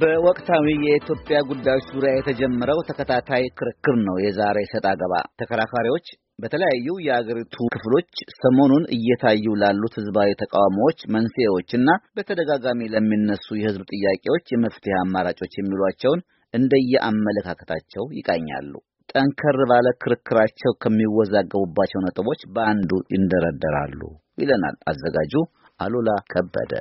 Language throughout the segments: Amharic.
በወቅታዊ የኢትዮጵያ ጉዳዮች ዙሪያ የተጀመረው ተከታታይ ክርክር ነው የዛሬ ሰጥ አገባ። ተከራካሪዎች በተለያዩ የአገሪቱ ክፍሎች ሰሞኑን እየታዩ ላሉት ሕዝባዊ ተቃውሞዎች እና በተደጋጋሚ ለሚነሱ የሕዝብ ጥያቄዎች የመፍትሄ አማራጮች የሚሏቸውን እንደየአመለካከታቸው ይቃኛሉ። ጠንከር ባለ ክርክራቸው ከሚወዛገቡባቸው ነጥቦች በአንዱ ይንደረደራሉ ይለናል አዘጋጁ አሉላ ከበደ።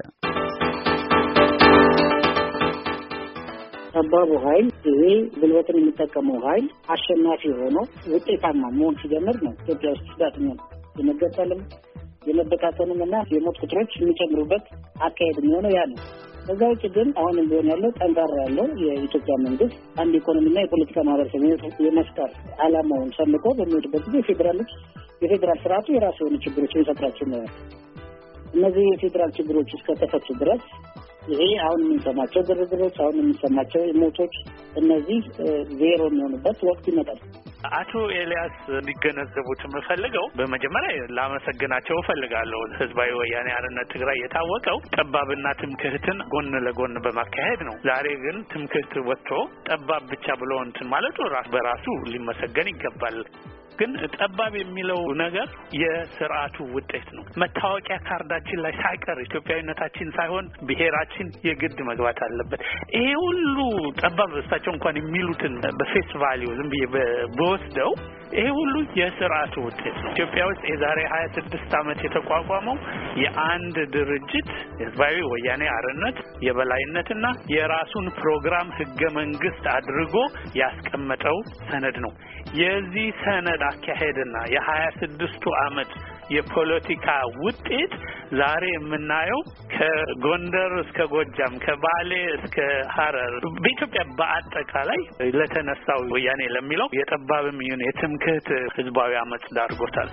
ጠባቡ ኃይል ይሄ ጉልበትን የሚጠቀመው ኃይል አሸናፊ ሆኖ ውጤታማ መሆን ሲጀምር ነው ኢትዮጵያ ውስጥ ዳትኛ የመገጠልም የመበታተንም እና የሞት ቁጥሮች የሚጨምሩበት አካሄድ የሚሆነው ያ ነው። ከዛ ውጭ ግን አሁንም ቢሆን ያለው ጠንካራ ያለው የኢትዮጵያ መንግስት አንድ ኢኮኖሚና የፖለቲካ ማህበረሰብ የመፍጠር አላማውን ሰልቆ በሚሄድበት ጊዜ የፌዴራሎች የፌዴራል ስርዓቱ የራሱ የሆኑ ችግሮች የሚፈጥራቸው ነው። እነዚህ የፌዴራል ችግሮች እስከተፈቱ ድረስ ይሄ አሁን የምንሰማቸው ግርግሮች፣ አሁን የምንሰማቸው ሞቶች፣ እነዚህ ዜሮ የሚሆኑበት ወቅት ይመጣል። አቶ ኤልያስ እንዲገነዘቡት የምፈልገው በመጀመሪያ ላመሰግናቸው እፈልጋለሁ። ህዝባዊ ወያኔ አርነት ትግራይ የታወቀው ጠባብና ትምክህትን ጎን ለጎን በማካሄድ ነው። ዛሬ ግን ትምክህት ወጥቶ ጠባብ ብቻ ብሎ እንትን ማለቱ በራሱ ሊመሰገን ይገባል። ግን ጠባብ የሚለው ነገር የስርዓቱ ውጤት ነው። መታወቂያ ካርዳችን ላይ ሳይቀር ኢትዮጵያዊነታችን ሳይሆን ብሔራችን የግድ መግባት አለበት። ይሄ ሁሉ ጠባብ እሳቸው እንኳን የሚሉትን በፌስ ቫሊዩ ዝም ብዬ በወስደው ይሄ ሁሉ የስርዓቱ ውጤት ነው። ኢትዮጵያ ውስጥ የዛሬ ሀያ ስድስት ዓመት የተቋቋመው የአንድ ድርጅት ህዝባዊ ወያኔ አርነት የበላይነትና የራሱን ፕሮግራም ህገ መንግስት አድርጎ ያስቀመጠው ሰነድ ነው። የዚህ ሰነድ አካሄድና የሀያ ስድስቱ አመት የፖለቲካ ውጤት ዛሬ የምናየው ከጎንደር እስከ ጎጃም ከባሌ እስከ ሀረር በኢትዮጵያ በአጠቃላይ ለተነሳው ወያኔ ለሚለው የጠባብም ይሁን የትምክህት ህዝባዊ አመፅ ዳርጎታል።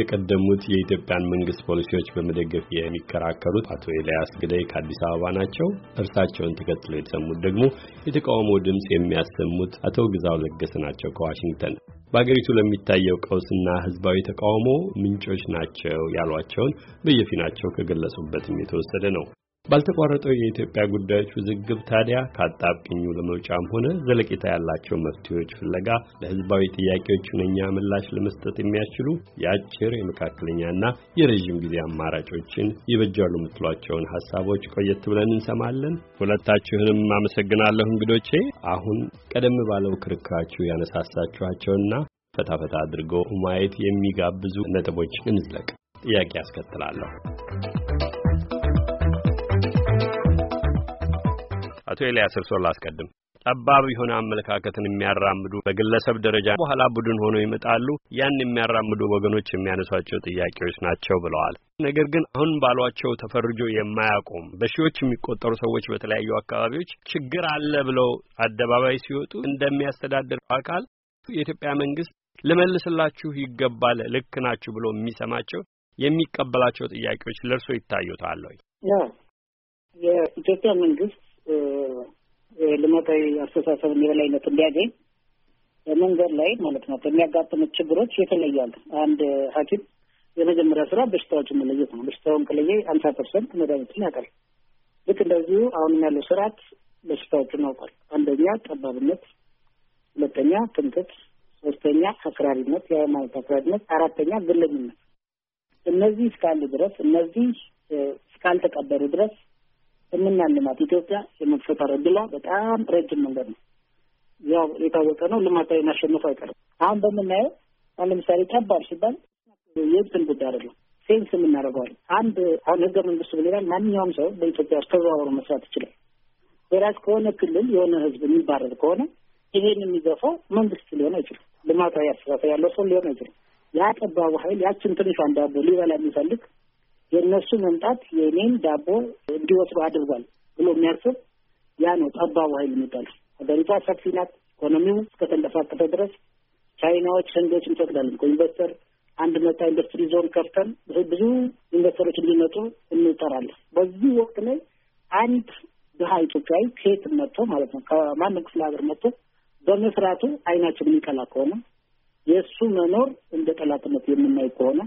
የቀደሙት የኢትዮጵያን መንግስት ፖሊሲዎች በመደገፍ የሚከራከሩት አቶ ኤልያስ ግደይ ከአዲስ አበባ ናቸው። እርሳቸውን ተከትሎ የተሰሙት ደግሞ የተቃውሞ ድምፅ የሚያሰሙት አቶ ግዛው ለገሰ ናቸው ከዋሽንግተን። በአገሪቱ ለሚታየው ቀውስና ህዝባዊ ተቃውሞ ምንጮች ናቸው ያሏቸውን በየፊናቸው ከገለጹበትም የተወሰደ ነው። ባልተቋረጠው የኢትዮጵያ ጉዳዮች ውዝግብ ታዲያ ከአጣብቅኙ ለመውጫም ሆነ ዘለቄታ ያላቸው መፍትሄዎች ፍለጋ ለሕዝባዊ ጥያቄዎች ሁነኛ ምላሽ ለመስጠት የሚያስችሉ የአጭር የመካከለኛና የረዥም ጊዜ አማራጮችን ይበጃሉ የምትሏቸውን ሀሳቦች ቆየት ብለን እንሰማለን። ሁለታችሁንም አመሰግናለሁ እንግዶቼ። አሁን ቀደም ባለው ክርክራችሁ ያነሳሳችኋቸውና ፈታፈታ አድርገው ማየት የሚጋብዙ ነጥቦች እንዝለቅ። ጥያቄ ያስከትላለሁ። አቶ ኤልያስ እርስዎን ላስቀድም። ጠባብ የሆነ አመለካከትን የሚያራምዱ በግለሰብ ደረጃ በኋላ ቡድን ሆኖ ይመጣሉ። ያን የሚያራምዱ ወገኖች የሚያነሷቸው ጥያቄዎች ናቸው ብለዋል። ነገር ግን አሁን ባሏቸው ተፈርጆ የማያቆም በሺዎች የሚቆጠሩ ሰዎች በተለያዩ አካባቢዎች ችግር አለ ብለው አደባባይ ሲወጡ እንደሚያስተዳድር አካል የኢትዮጵያ መንግስት ልመልስላችሁ ይገባል፣ ልክ ናችሁ ብሎ የሚሰማቸው የሚቀበላቸው ጥያቄዎች ለእርሶ ይታዩታል ወይ? የኢትዮጵያ መንግስት ልማታዊ አስተሳሰብን የበላይነት እንዲያገኝ መንገድ ላይ ማለት ነው የሚያጋጥሙት ችግሮች የተለያሉ። አንድ ሐኪም የመጀመሪያ ስራ በሽታዎችን መለየት ነው። በሽታውን ከለየ አምሳ ፐርሰንት መድኃኒትን ያውቃል። ልክ እንደዚሁ አሁንም ያለው ስርዓት በሽታዎችን ያውቃል። አንደኛ ጠባብነት፣ ሁለተኛ ትምክህት፣ ሶስተኛ አክራሪነት፣ የሃይማኖት አክራሪነት፣ አራተኛ ግለኝነት። እነዚህ እስካሉ ድረስ እነዚህ እስካልተቀበሩ ድረስ የምናልማት ኢትዮጵያ የመፈጠር እድሏ በጣም ረጅም መንገድ ነው። ያው የታወቀ ነው። ልማታዊ ማሸነፉ አይቀርም። አሁን በምናየው አሁን ለምሳሌ ከባድ ሲባል የእንትን ጉዳይ አይደለም፣ ሴንስ የምናደርገዋለን። አንድ አሁን ህገ መንግስቱ ብሌላል ማንኛውም ሰው በኢትዮጵያ ውስጥ ተዘዋውሮ መስራት ይችላል። ወራጅ ከሆነ ክልል የሆነ ህዝብ የሚባረር ከሆነ ይሄን የሚገፋው መንግስት ሊሆን አይችልም። ልማታዊ አስተሳሰብ ያለው ሰው ሊሆን አይችልም። ያ ጠባቡ ኃይል ያችን ትንሿ እንዳቦ ሊበላ የሚፈልግ የእነሱ መምጣት የእኔም ዳቦ እንዲወስዱ አድርጓል ብሎ የሚያስብ ያ ነው ጠባቡ ኃይል የሚባል ሀገሪቷ ሰፊ ናት። ኢኮኖሚው እስከተንቀሳቀሰ ድረስ ቻይናዎች፣ ህንዶች እንፈቅዳለን እኮ ኢንቨስተር አንድ መታ ኢንዱስትሪ ዞን ከፍተን ብዙ ኢንቨስተሮች እንዲመጡ እንጠራለን። በዚህ ወቅት ላይ አንድ ድሀ ኢትዮጵያዊ ከየት መጥቶ ማለት ነው ከማንም ክፍለ ሀገር መጥቶ በመስራቱ አይናችን የሚቀላ ከሆነ የእሱ መኖር እንደ ጠላትነት የምናይ ከሆነ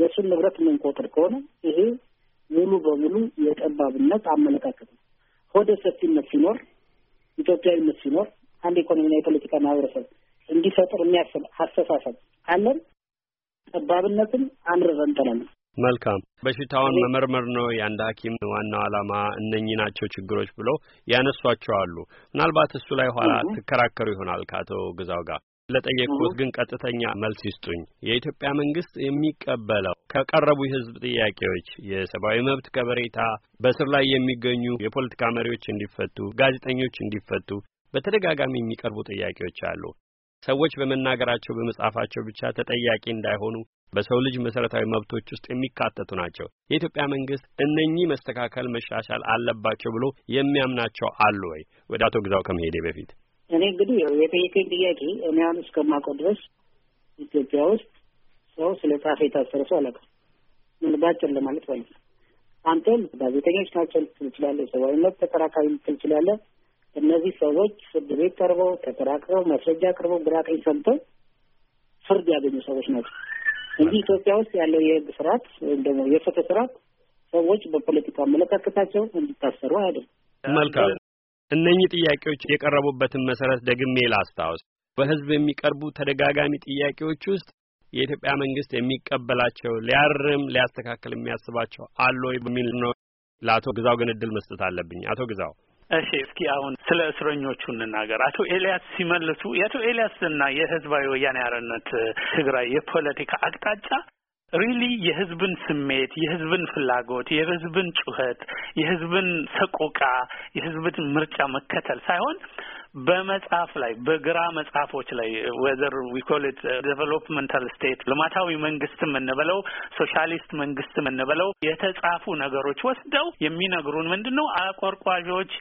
የእሱን ንብረት የምንቆጥር ከሆነ ይሄ ሙሉ በሙሉ የጠባብነት አመለካከት ነው። ሆደ ሰፊነት ሲኖር፣ ኢትዮጵያዊነት ሲኖር አንድ ኢኮኖሚና የፖለቲካ ማህበረሰብ እንዲፈጥር የሚያስብ አስተሳሰብ አለን። ጠባብነትን አንረዘንጠለን መልካም በሽታውን መመርመር ነው የአንድ ሐኪም ዋናው ዓላማ እነኚህ ናቸው ችግሮች ብለው ያነሷቸዋሉ። ምናልባት እሱ ላይ ኋላ ትከራከሩ ይሆናል ከአቶ ግዛው ጋር ለጠየቅኩት ግን ቀጥተኛ መልስ ይስጡኝ። የኢትዮጵያ መንግስት የሚቀበለው ከቀረቡ የህዝብ ጥያቄዎች የሰብአዊ መብት ከበሬታ፣ በእስር ላይ የሚገኙ የፖለቲካ መሪዎች እንዲፈቱ፣ ጋዜጠኞች እንዲፈቱ በተደጋጋሚ የሚቀርቡ ጥያቄዎች አሉ። ሰዎች በመናገራቸው በመጻፋቸው ብቻ ተጠያቂ እንዳይሆኑ በሰው ልጅ መሰረታዊ መብቶች ውስጥ የሚካተቱ ናቸው። የኢትዮጵያ መንግስት እነኚህ መስተካከል መሻሻል አለባቸው ብሎ የሚያምናቸው አሉ ወይ? ወደ አቶ ግዛው ከመሄዴ በፊት እኔ እንግዲህ የጠየቀኝ ጥያቄ እኔ አሁን እስከማውቀው ድረስ ኢትዮጵያ ውስጥ ሰው ስለ ጻፈ የታሰረ ሰው አላውቅም። ምን ባጭር ለማለት ማለት አንተም ጋዜጠኞች ናቸው ልትል ትችላለህ፣ ሰብአዊ መብት ተከራካሪ ልትል ትችላለህ። እነዚህ ሰዎች ፍርድ ቤት ቀርበው ተከራክረው ማስረጃ ቀርበው ግራ ቀኝ ሰምተው ፍርድ ያገኙ ሰዎች ናቸው እንጂ ኢትዮጵያ ውስጥ ያለው የህግ ስርዓት ወይም ደግሞ የፍትህ ስርዓት ሰዎች በፖለቲካ አመለካከታቸው እንዲታሰሩ አያደርም። መልካም እነኚህ ጥያቄዎች የቀረቡበትን መሰረት ደግሜ ላስታውስ። በህዝብ የሚቀርቡ ተደጋጋሚ ጥያቄዎች ውስጥ የኢትዮጵያ መንግስት የሚቀበላቸው ሊያርም ሊያስተካክል የሚያስባቸው አለ በሚል ነው። ለአቶ ግዛው ግን እድል መስጠት አለብኝ። አቶ ግዛው እሺ፣ እስኪ አሁን ስለ እስረኞቹ እንናገር። አቶ ኤልያስ ሲመልሱ የአቶ ኤልያስና የህዝባዊ ወያኔ አርነት ትግራይ የፖለቲካ አቅጣጫ ሪሊ የህዝብን ስሜት፣ የህዝብን ፍላጎት፣ የህዝብን ጩኸት፣ የህዝብን ሰቆቃ፣ የህዝብን ምርጫ መከተል ሳይሆን በመጽሐፍ ላይ በግራ መጽሐፎች ላይ ወዘር ዊ ኮል ኢት ዴቨሎፕመንታል ስቴት ልማታዊ መንግስት የምንበለው ሶሻሊስት መንግስት የምንበለው የተጻፉ ነገሮች ወስደው የሚነግሩን ምንድን ነው? አቆርቋዦች፣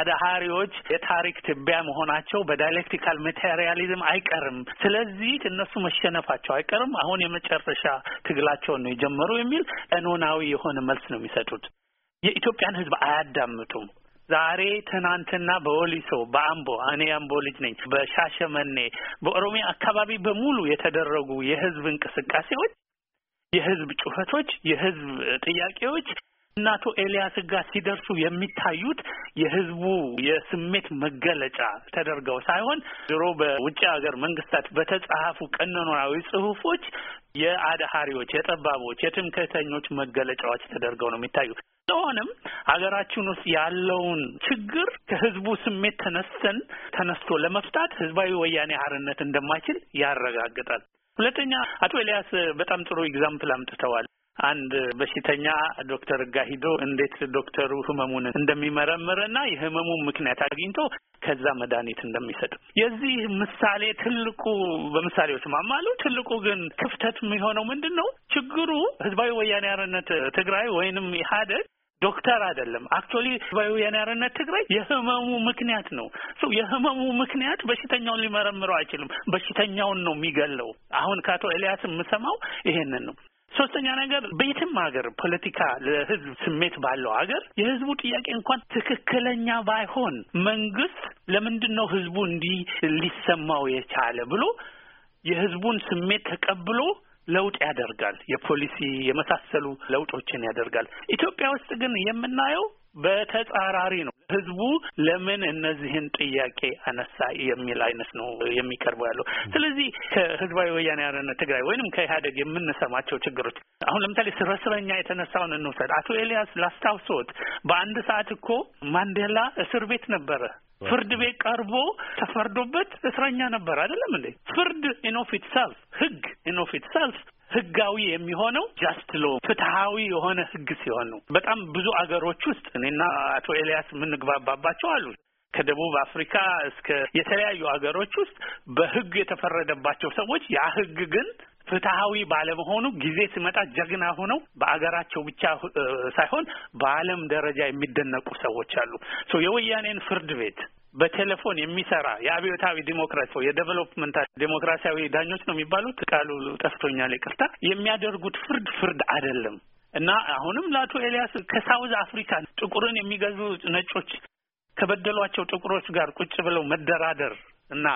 አዳሃሪዎች የታሪክ ትቢያ መሆናቸው በዳይሌክቲካል ማቴሪያሊዝም አይቀርም። ስለዚህ እነሱ መሸነፋቸው አይቀርም። አሁን የመጨረሻ ትግላቸውን ነው የጀመሩ የሚል ቀኖናዊ የሆነ መልስ ነው የሚሰጡት። የኢትዮጵያን ህዝብ አያዳምጡም። ዛሬ ትናንትና በወሊሶ በአምቦ እኔ አምቦ ልጅ ነኝ፣ በሻሸመኔ በኦሮሚያ አካባቢ በሙሉ የተደረጉ የህዝብ እንቅስቃሴዎች፣ የህዝብ ጩኸቶች፣ የህዝብ ጥያቄዎች እና አቶ ኤልያስ ጋር ሲደርሱ የሚታዩት የህዝቡ የስሜት መገለጫ ተደርገው ሳይሆን ድሮ በውጭ ሀገር መንግስታት በተጻፉ ቀኖናዊ ጽሁፎች የአድሃሪዎች፣ የጠባቦች፣ የትምክህተኞች መገለጫዎች ተደርገው ነው የሚታዩት። ስለሆነም ሀገራችን ውስጥ ያለውን ችግር ከህዝቡ ስሜት ተነስተን ተነስቶ ለመፍታት ህዝባዊ ወያኔ ሀርነት እንደማይችል ያረጋግጣል። ሁለተኛ አቶ ኤልያስ በጣም ጥሩ ኤግዛምፕል አምጥተዋል። አንድ በሽተኛ ዶክተር ጋ ሂዶ እንዴት ዶክተሩ ህመሙን እንደሚመረምርና የህመሙን ምክንያት አግኝቶ ከዛ መድኃኒት እንደሚሰጥ የዚህ ምሳሌ ትልቁ በምሳሌ ስማማሉ። ትልቁ ግን ክፍተት የሚሆነው ምንድን ነው? ችግሩ ህዝባዊ ወያኔ ሓርነት ትግራይ ወይንም ኢህአዴግ ዶክተር አይደለም። አክቹዋሊ በወያኔያርነት ትግራይ የህመሙ ምክንያት ነው። ሰው የህመሙ ምክንያት በሽተኛውን ሊመረምረው አይችልም። በሽተኛውን ነው የሚገለው። አሁን ከአቶ ኤልያስ የምሰማው ይሄንን ነው። ሶስተኛ ነገር በየትም ሀገር ፖለቲካ ለህዝብ ስሜት ባለው ሀገር የህዝቡ ጥያቄ እንኳን ትክክለኛ ባይሆን መንግስት ለምንድን ነው ህዝቡ እንዲህ ሊሰማው የቻለ ብሎ የህዝቡን ስሜት ተቀብሎ ለውጥ ያደርጋል። የፖሊሲ የመሳሰሉ ለውጦችን ያደርጋል። ኢትዮጵያ ውስጥ ግን የምናየው በተጻራሪ ነው። ህዝቡ ለምን እነዚህን ጥያቄ አነሳ የሚል አይነት ነው የሚቀርበው ያለው። ስለዚህ ከህዝባዊ ወያኔ ሓርነት ትግራይ ወይንም ከኢህአዴግ የምንሰማቸው ችግሮች አሁን ለምሳሌ ስለ እስረኛ የተነሳውን እንውሰድ። አቶ ኤልያስ ላስታውሶት በአንድ ሰዓት እኮ ማንዴላ እስር ቤት ነበረ። ፍርድ ቤት ቀርቦ ተፈርዶበት እስረኛ ነበር። አይደለም እንዴ? ፍርድ ኢኖፍ ኢትሰልፍ ህግ ኢን ኦፍ ኢትሰልፍ ህጋዊ የሚሆነው ጃስት ሎ ፍትሀዊ የሆነ ህግ ሲሆን ነው። በጣም ብዙ አገሮች ውስጥ እኔና አቶ ኤልያስ የምንግባባባቸው አሉ። ከደቡብ አፍሪካ እስከ የተለያዩ ሀገሮች ውስጥ በህግ የተፈረደባቸው ሰዎች ያ ህግ ግን ፍትሀዊ ባለመሆኑ ጊዜ ሲመጣ ጀግና ሆነው በአገራቸው ብቻ ሳይሆን በዓለም ደረጃ የሚደነቁ ሰዎች አሉ። የወያኔን ፍርድ ቤት በቴሌፎን የሚሰራ የአብዮታዊ ዲሞክራሲ የዴቨሎፕመንት ዴሞክራሲያዊ ዳኞች ነው የሚባሉት ቃሉ ጠፍቶኛል፣ ይቅርታ የሚያደርጉት ፍርድ ፍርድ አይደለም እና አሁንም ለአቶ ኤልያስ ከሳውዝ አፍሪካ ጥቁርን የሚገዙ ነጮች ከበደሏቸው ጥቁሮች ጋር ቁጭ ብለው መደራደር እና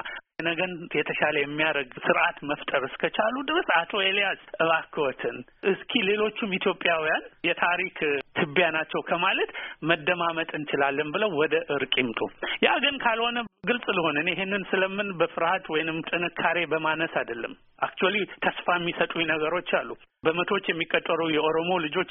ነገን የተሻለ የሚያደርግ ስርዓት መፍጠር እስከቻሉ ድረስ አቶ ኤልያስ እባክዎትን እስኪ ሌሎቹም ኢትዮጵያውያን የታሪክ ትቢያ ናቸው ከማለት መደማመጥ እንችላለን ብለው ወደ እርቅ ይምጡ። ያ ግን ካልሆነ ግልጽ ለሆነ እኔ ይሄንን ስለምን በፍርሃት ወይንም ጥንካሬ በማነስ አይደለም። አክቹዋሊ ተስፋ የሚሰጡኝ ነገሮች አሉ። በመቶዎች የሚቀጠሩ የኦሮሞ ልጆች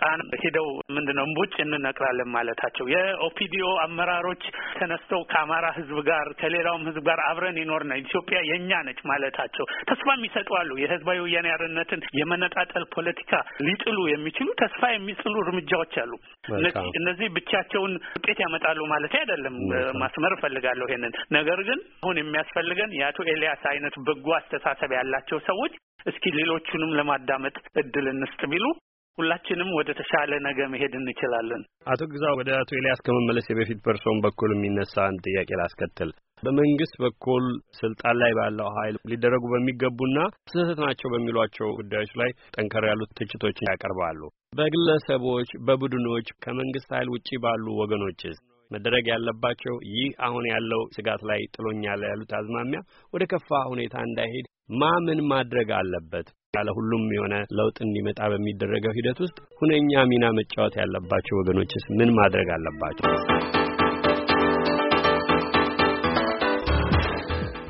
ጣን ሄደው ምንድነው እምቡጭ እንነቅላለን ማለታቸው፣ የኦፒዲኦ አመራሮች ተነስተው ከአማራ ህዝብ ጋር ከሌላውም ህዝብ ጋር አብረን ይኖር ነው ኢትዮጵያ የእኛ ነች ማለታቸው ተስፋ የሚሰጡ አሉ። የህዝባዊ ወያኔ ሓርነትን የመነጣጠል ፖለቲካ ሊጥሉ የሚችሉ ተስፋ የሚጥሉ እርምጃዎች አሉ። እነዚህ ብቻቸውን ውጤት ያመጣሉ ማለት አይደለም። ማስመር እፈልጋለሁ ይሄንን ነገር ግን አሁን የሚያስፈልገን የአቶ ኤልያስ አይነት በጎ አስተሳሰብ ያላቸው ሰዎች እስኪ ሌሎቹንም ለማዳመጥ እድል እንስጥ ቢሉ ሁላችንም ወደ ተሻለ ነገ መሄድ እንችላለን። አቶ ግዛው ወደ አቶ ኤልያስ ከመመለስ በፊት በእርሶም በኩል የሚነሳ አንድ ጥያቄ ላስከትል። በመንግስት በኩል ስልጣን ላይ ባለው ኃይል ሊደረጉ በሚገቡና ስህተት ናቸው በሚሏቸው ጉዳዮች ላይ ጠንከር ያሉት ትችቶችን ያቀርባሉ። በግለሰቦች፣ በቡድኖች ከመንግስት ኃይል ውጪ ባሉ ወገኖችስ መደረግ ያለባቸው ይህ አሁን ያለው ስጋት ላይ ጥሎኛል ያሉት አዝማሚያ ወደ ከፋ ሁኔታ እንዳይሄድ ማምን ማድረግ አለበት። ያለ ሁሉም የሆነ ለውጥ እንዲመጣ በሚደረገው ሂደት ውስጥ ሁነኛ ሚና መጫወት ያለባቸው ወገኖችስ ምን ማድረግ አለባቸው?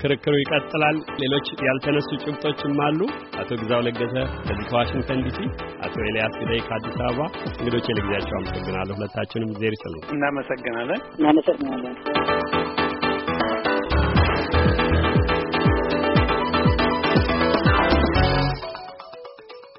ክርክሩ ይቀጥላል። ሌሎች ያልተነሱ ጭብጦችም አሉ። አቶ ግዛው ለገሰ ከዚህ ከዋሽንግተን ዲሲ፣ አቶ ኤልያስ ግዳይ ከአዲስ አበባ እንግዶች ለጊዜያቸው አመሰግናለሁ። ሁለታችንም ዜር ይስሉ። እናመሰግናለን። እናመሰግናለን።